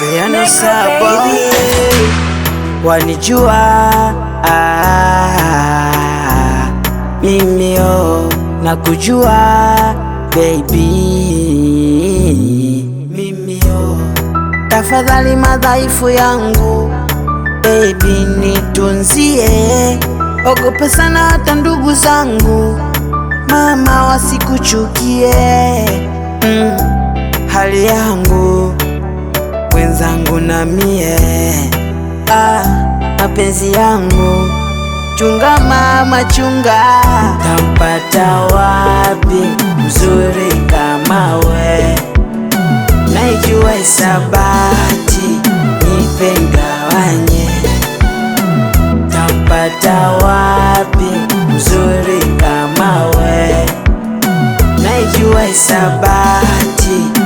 Milioni saba wanijua ah, mimi oh kujua baby, mimi oh tafadhali madhaifu yangu baby nitunzie, ogope sana hata ndugu zangu mama wasikuchukie, mm, hali yangu kuna mie ah, mapenzi yangu chunga mama chunga, tampata wapi mzuri kama we? Naijua isabati nipengawanye ngawanye, tampata wapi mzuri kama we? Naijua hisabati